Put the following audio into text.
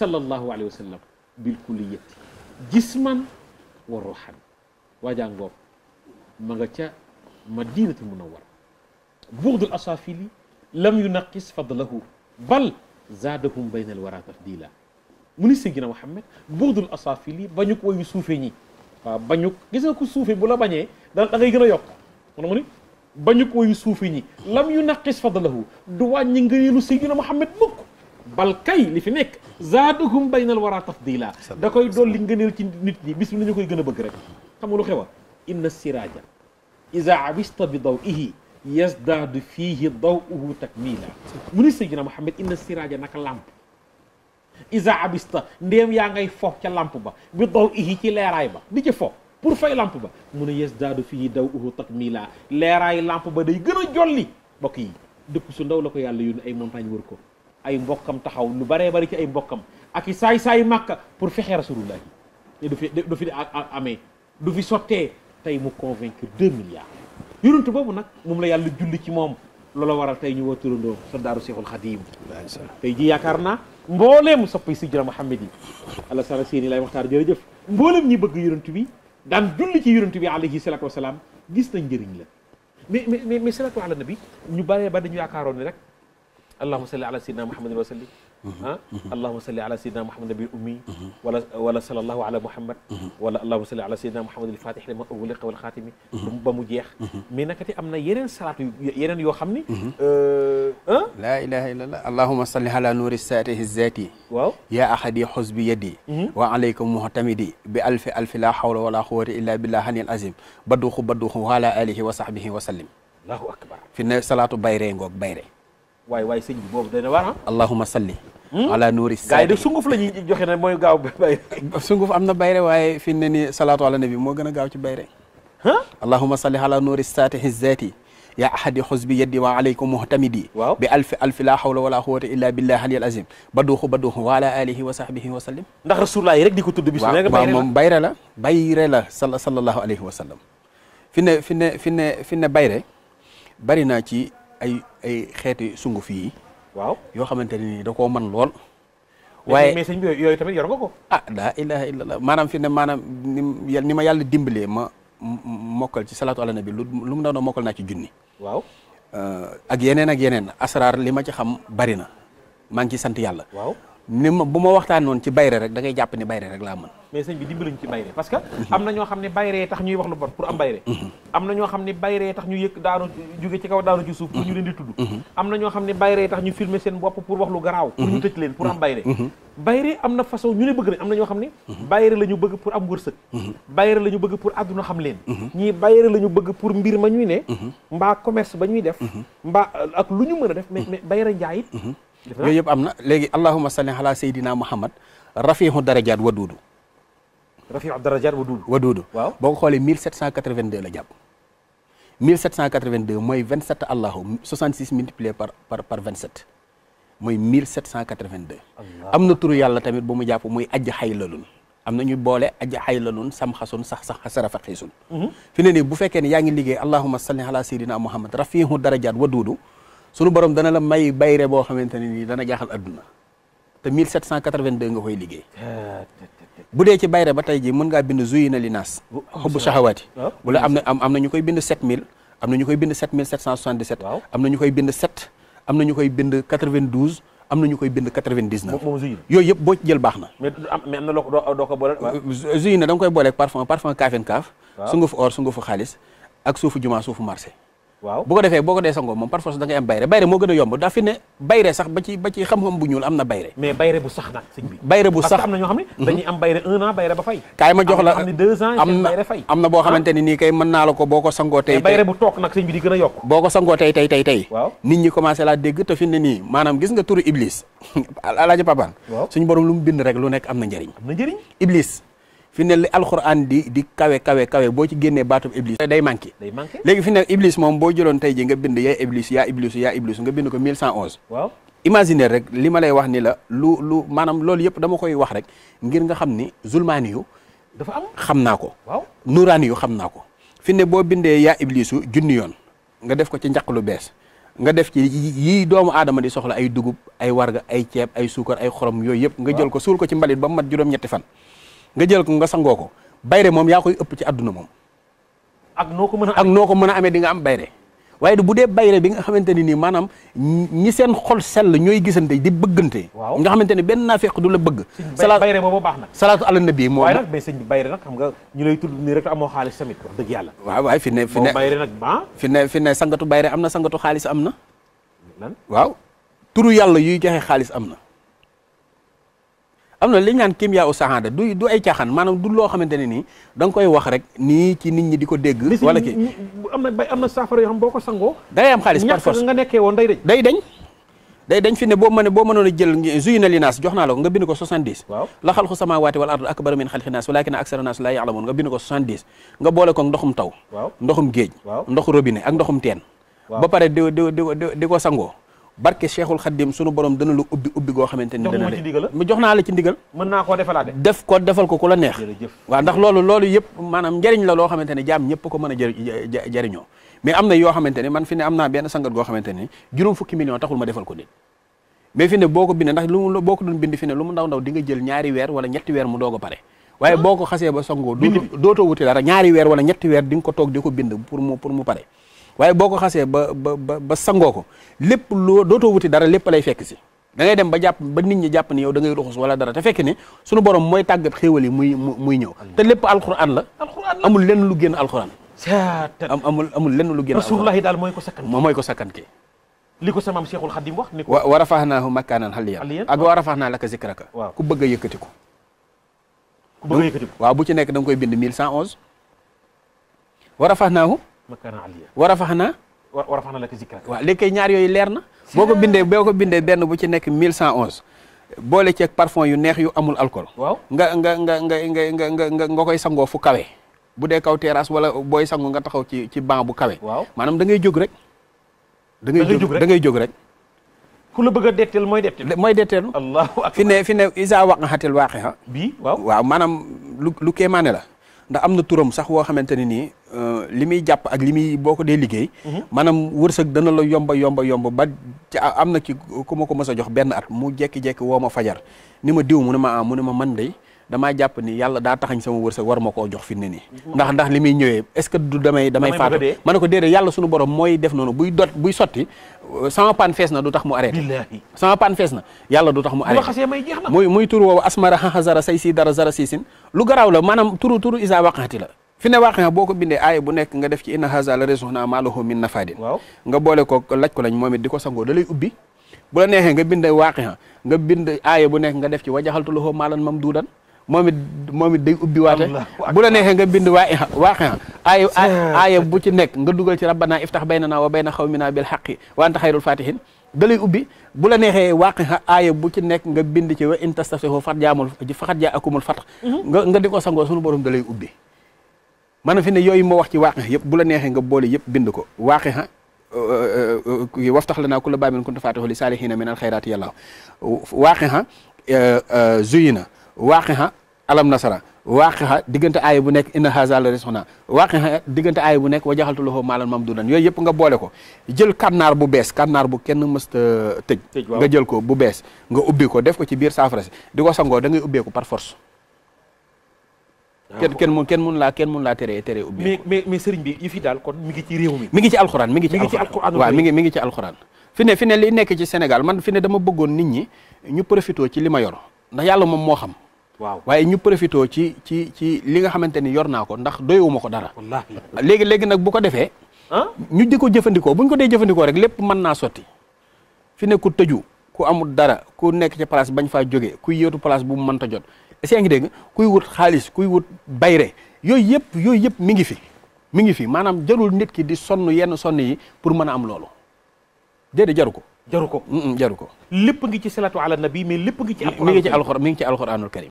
صلى الله عليه وسلم بالكلية جسما وروحا واجانغوب مغتا مدينة المنورة بغض الأصافيل لم ينقص فضله بل زادهم بين الورى تفضيلا من سيدنا محمد بغض الأصافيل بانيوك ويسوفيني بانيوك جسنا كسوفي بولا بانيه دان تغيي غنا يوك ونموني بانيوك ويسوفيني لم ينقص فضله دوا نينغيلو سيدنا محمد بوكو bal kay li fi nekk zaaduhum baynal wara tafdila da koy dolli ngëneel ci nit ñi bis bi nañu koy gën a bëgg rek xam nga lu xewa inna siraaja ida abista bi daw ihi yazdaadu fiihi daw uhu takmila mu ni Seydina Muhammad inna siraaja naka làmp isa abista ndéem yaa ngay fo ca làmp ba bi daw ci leeraay ba di ci fo pour fay làmp ba mu ne yazdaadu fiihi daw uhu takmila leeraay làmp ba day gën a jolli bokk yi dëkk su ndaw la ko yàlla yónni ay montagne wër ko ay mbokkam taxaw lu baree bari ci ay mbokkam ak i saay-saay màkka pour fexe rasulullahi ne du fi du fi amee du fi sottee tey mu convaincre deux milliards yonent boobu nag moom la yàlla julli ci moom loola waral tey ñu woo turandoo sa daaru seexul xadiim tey ji yaakaar naa mbooleem soppi si jula Muhammad yi allah sala seeni lay waxtaar jërëjëf mbooleem ñi bëgg yonent bi daan julli ci yonent bi alayhi salaatu wasalaam gis na njëriñ la mais mais mais salaatu ala ñu baree ba dañu yaakaaroon ne rek اللهم صل على سيدنا محمد وسلم ها اللهم صل على سيدنا محمد النبي الامي ولا ولا صلى الله على محمد ولا اللهم صل على سيدنا محمد الفاتح لما اغلق والخاتم ba mu jeex mais naka te am na yeneen salaat yu yeneen yoo xam ni laa ilaha illa allah allahuma salli ala nuuri saatihi zaati waaw yaa ahadi xusbi yadi wa alayka muhtamidi bi alfi alfi la hawla wala quwwata illa billah alil azim baduxu baduxu wa ala alihi wa sahbihi wa sallim allahu akbar fi ne salaatu bayre ngoog bayre waay waay sëñ bi boobu dana war ah. allahumma salli. ala nuuri saa gars yi de sunguf la ñuy joxe ne mooy gaaw bayre. sunguf am na bayre waaye fi mu ne nii salaatu ala nabi moo gën a gaaw ci bayre. allahumma salli ala nuuri saatihi zaati yaa ahadi xusbi yeddi wa alaykum muhtamidi waaw bi alfi alfi laa hawla wala quwwata illa billah aliyal azim baduuxu baduuxu wa ala alihi wa sahbihi wa sallim ndax rasulullah yi rek di ko tudd bis waaw waaw moom bayre la bayre la sal sallallahu alayhi wa sallam fi ne fi ne fi ne fi ne bayre bari naa ci ay ay xeeti sunguf yi. waaw yoo xamante ne nii da ko man lool. waaye sëñ bi yooyu tamit yor nga ko. ah daa ilaha illallah maanaam fi ne maanaam ni ma yàlla dimbalee ma mokkal ci salaatu ala nabi lu lu mu doon mokkal naa ci junni. waaw. Euh, ak yeneen ak yeneen asraar li ma ci xam bari na maa ngi ciy sant yàlla. waaw ni ma bu ma waxtaanoon ci bayre rek da ngay jàpp ni bayre rek laa mën mais sëñ bi dimbaluñ ci bayre parce que am na ñoo xam ne bayre tax ne bayre tax ñu yëkk daanu am ne bayre tax ñu filmer seen bopp pour wax lu garaaw pour ñu tëj leen pour am bayre bayre am na façon ñu ne bëgg nañ am na ñoo xam ne bayre la ñu bëgg pour am wërsëg bayre la ñu bëgg pour àdduna xam leen ñii bayre la bëgg pour mbir ma ñuy ne mbaa commerce ba ñuy def mbaa ak lu ñu mën a def mais bayre njaayit yooyu yëpp am na léegi allahuma salli ala sayyidina muhammad rafihu darajaat waduudu rafihu darajaat waduudu waduudu waaw boo ko xoolee 1782 la jàpp 1782 mooy 27 allahu 66 multiplié par par par 27 mooy 1782 am na turu yàlla tamit bu mu jàpp muy ajj xaylalun am na ñuy boole ajj xaylalun sam xasun sax sax sarafa xiisun mhm. fi ne nii bu fekkee ne yaa ngi liggéey allahuma salli ala sayyidina muhammad rafihu darajaat waduudu sunu borom dana la may bayre boo xamante ne nii dana jaaxal adduna te 1782 nga koy liggéey. bu dee ci bayre ba tey ji mën ngaa bind zuyina li naas. Oh, xubbu oh, saxawaati. wala oh, am na am na ñu koy bind 7000. am na ñu koy bind 7777. waaw am na ñu koy bind 7. am na ñu koy bind 92. am na ñu koy bind 99. moom yooyu yëpp boo jël baax na. mais am na loo ko boole. Euh, euh, zuyina da nga koy booleeg parfum parfum kaafeen kaaf. waaw su nga xaalis ak suufu jumaa suufu marché. waaw bu ko defee boo ko dee sangoo moom par force da am bayre bayre moo gën a yomb daa fi ne bayre sax ba xam-xam bu ñuul am na bayre mais bayre bu sax nag sëñ bi bayre bu sax am na ñoo xam ne hmm? dañuy am bayre un an bayre ba fay kaay ma jox la am na deux ans am boo ah. xamante ni nii kay mën naa la ko boo ko sangoo tey bayre bu toog nag sëñ bi a yokk boo ko sangoo tey tey tey tey waaw nit ñi commencé laa dégg te fi ne nii maanaam gis nga turu iblis alaaji papan suñu borom lu mu bind rek lu nekk am na njëriñ am na njëriñ iblis fi ne li alxuraan di di kawe kawe kawe boo ci génnee baatub iblis day manqué day manqué léegi fi ne iblis moom boo jëloon tey ji nga bind yaa iblis yaa iblis yaa iblis nga bind ko 1111 waaw imaginer rek li ma lay wax ni la lu lu maanaam loolu yëpp dama koy wax rek ngir nga xam ni zulmaani yu dafa am xam naa ko waaw nuuraani yu xam naa ko fi ne boo bindee yaa iblisu junni yoon nga def ko ci njaq lu bees nga def ci yii doomu aadama di soxla ay dugub ay warga ay ceeb ay suukar ay xorom yooyu yëpp nga jël ko suul ko ci mbalit ba mu mat juróom-ñetti fan nga jël ko nga sangoo ko bayre moom yaa koy ëpp ci adduna moom. ak noo ko mën a ak noo ko mën a amee di nga am bayre waaye du bu dee bayre bi nga xamante ne nii maanaam ñi seen xol sell ñooy gisante di bëggante nga xamante ne benn naafeq du la bëgg salaatu bayre boobu baax na salaatu ala nabi moom waaye nag mais sëñ bi bayre xam nga ñu lay tudd nii rek amoo xaalis tamit wax yàlla waaw waaye fi ne fi ne bayre nag ba ah? fi ne sangatu bayre am na sangatu xaalis am na lan waaw turu yàlla yuy joxe xaalis am na am na li ñu naan kimya u saxaada du du ay caaxaan maanaam du loo xamante ne nii da koy wax rek nii ci ni ñi di ko dégg wala ki am na bay am na saafara yoo xam boo ko sangoo day am xaalis par force nga nekkee woon day dañ day dañ day dañ fi ne boo mënee boo mënoon a jël zuyu na naa la ko nga bind ko 70 waaw la xalqu samaawaati wal ard akbaru min xalqi naas walaakina aksara naas laa ya'lamuun nga bind ko 70 nga boole ko ndoxum taw waaw ndoxum géej waaw ndoxu robinet ak ndoxum teen ba pare di di di di ko sangoo barke Cheikhul Khadim sunu borom dana la ubbi ubbi go xamanteni ni dana la mu joxna la ci ndigal mën naa koo defalaat def ko defal ko kula neex wa ndax lolu lolu yëpp manam njëriñ la lo xamanteni ne ñëpp ko mën jariño mais am yo xamanteni man fi ne amna ben sangal go xamanteni juróom fukki million taxul ma defal ko nit mais fi ne boko bind ndax lu boko boo doon bind fi ne lu mu ndaw ndaw di nga jël ñaari wer wala ñetti wer mu dogo pare waye boko xasse ba songo doto wuti dara ñaari wer wala ñetti wer di nga ko tok di ko bind pour mu pour mu pare waaye boo ko xasee ba ba ba sangoo ko lépp loo dootoo wuti dara lépp lay fekk si da dem ba jàpp ba nit ñi jàpp ni yow da ngay ruxus wala dara te fekk ne sunu borom mooy tàggat xéewal yi muy muy ñëw te lépp alquran la amul lenn lu génn alquran amul amul lenn lu génn rasulullahi daal mooy ko sakkan mooy ko sakkan kii li ko sama maam Cheikhul Khadim wax ni ko wa rafahnaahu makaanan aliyyan ak wa rafahnaa laka zikraka ku bëgg a yëkkati ko ku bëgg a yëkkati ko waaw bu ci nekk da koy bind 1111 wa rafahnaahu makaana aliya wa na wa rafaxna laka zikrak waaw léegi kay ñaar yooyu leer na boo ko bindee boo ko bindee benn bu ci nekk 1111 boole ceek parfum yu neex yu amul alcool waaw nga nga nga nga nga nga nga nga koy sangoo fu bu dee kaw terrasse wala booy sangu nga taxaw ci ci banc bu kawe waaw maanaam da jóg rek da ngay jóg da ngay jóg rek ku la bëgg a detteel mooy detteelu mooy detteelu allahu akbar fi ne fi ne isa waqaxatel waaqe xa bii waaw waaw maanaam lu lu kéemaane la ndax am na turam sax woo xamante ne nii euh, li muy jàpp ak li muy boo ko dee liggéey. Mhm. maanaam wërsëg dana la yomba yomba yomba ba ci am na ki ku ma ko mës a jox benn at mu jékki-jékki woo ma fajar ni ma diw mu ne ma ah mu ma man de damaa jàpp ni yàlla daa taxañ sama war ma koo jox fi ne nii ndax ndax li muy ñëwee est-ce que du damay faatu ma ne ko déedéet yàlla suñu borom mooy def noonu buy dot sotti euh, sama pan fees na du tax mu arrêté sama pan fees na yàlla du tax mu arrêté muy muy tur woowu asmara xaxazara say si dara zara siisin lu garaaw la maanaam turu turu isa waqaati la fi ne waaqe boo ko bindee aaya bu nekk nga def ci inna haza la raison na maalahu min nafaadin nga boole ko laj ko lañ di ko sangoo da lay ubbi bu la neexee nga bind waaqe nga bind aaya bu nekk nga def ci wajaxaltu lahu maalan mam duudan moom it moom it day ubbi waate bu la neexee nga bind waa waaqia aaya aaya bu ci nekk nga dugal ci rabbana iftax baynana wa bayna xawmina bil xaqi wa anta xayrul fatihin da lay ubbi bu la neexee waaqia aaya bu ci nekk nga bind ci wa in tastaftihu fat jaamul faxat jaa akumul fatax nga nga di ko sangoo sunu borom da lay ubbi maanaam fi ne yooyu moo wax ci waaqia yëpp bu la neexee nga boole yëpp bind ko waaqia waftax lanaa kulla baamin kunta faatixu li saalihiina min alxayraati yàlla waaqia zuyina waqiha alam nasara waqiha digënta ay bu nek inna hazal la waqiha digënta ay bu nek wajahaltu lahu malan mamdudan yoy yep nga bolé ko jël kanar bu bes kanar bu kenn mësta tej nga jël ko bu bes nga ubbi ko def ko ci bir safrasi diko sango ko da ngay ko par force ah, Ken ken mun ken mun la ken mun la tere tere ubbi mais mais mais sëriñ bi yifi dal kon mi ngi ci réew mi mi ngi ci alcorane mi ngi ci alcorane wa mi ngi mi ngi ci alcorane fi ne fi li nek ci Sénégal man fi ne dama bëggoon nit ñi ñu profito ci lima yor ndax yalla mom mo xam waaw waaye ñu profité ci ci ci li nga xamante ni yor naa ko ndax doyewuma ko dara. léegi léegi nag bu ko defee. ñu di ko jëfandikoo bu ñu ko dee jëfandikoo rek lépp mën naa sotti fi ne ku tëju ku amul dara ku nekk ci place bañ faa jógee kuy yóotu place bu mu mënta jot. est-ce que ngi dégg kuy wut xaalis kuy wut bayre yooyu yëpp yooyu yëpp mi ngi fi mi ngi fi maanaam jarul nit ki di sonn yenn sonn yi pour mën a am loolu déedéet jaru ko. jaru ko jaru ko. lépp ngi ci salatu ala nabi mais lépp ngi ci. alxuraan mi karim